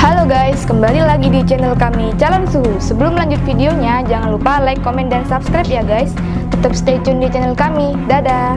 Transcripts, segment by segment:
Halo guys, kembali lagi di channel kami Calon Suhu. Sebelum lanjut videonya, jangan lupa like, komen, dan subscribe ya guys. Tetap stay tune di channel kami. Dadah.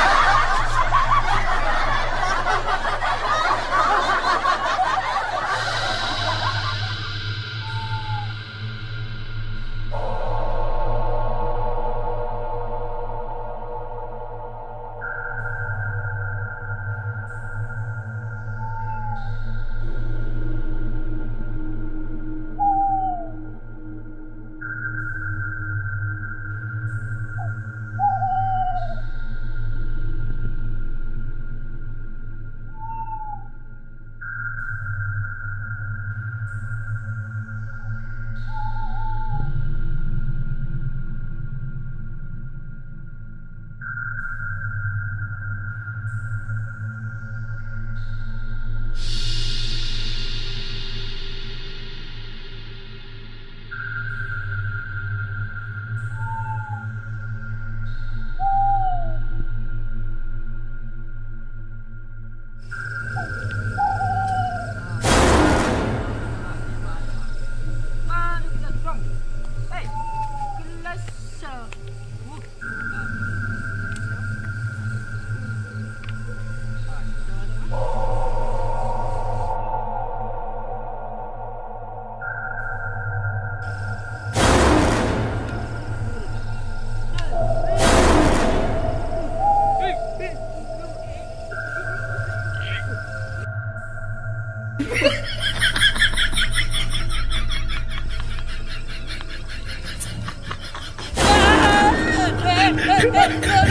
come oh on.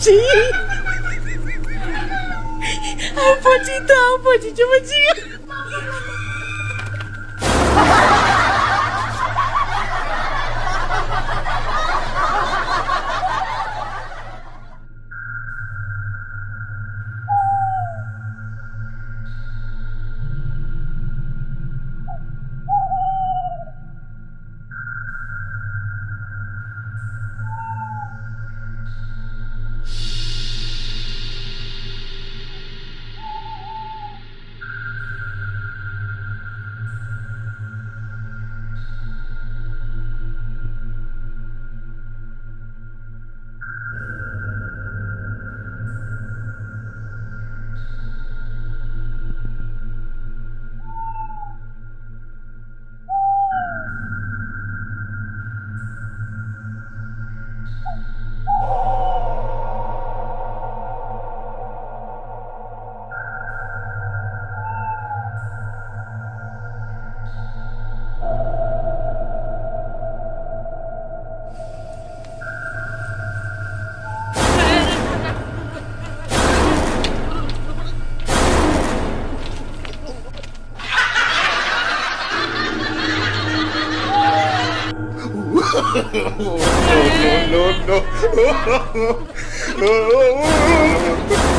potinho. Ah, o potinho tá, o potinho Thank you. no, no, no, no.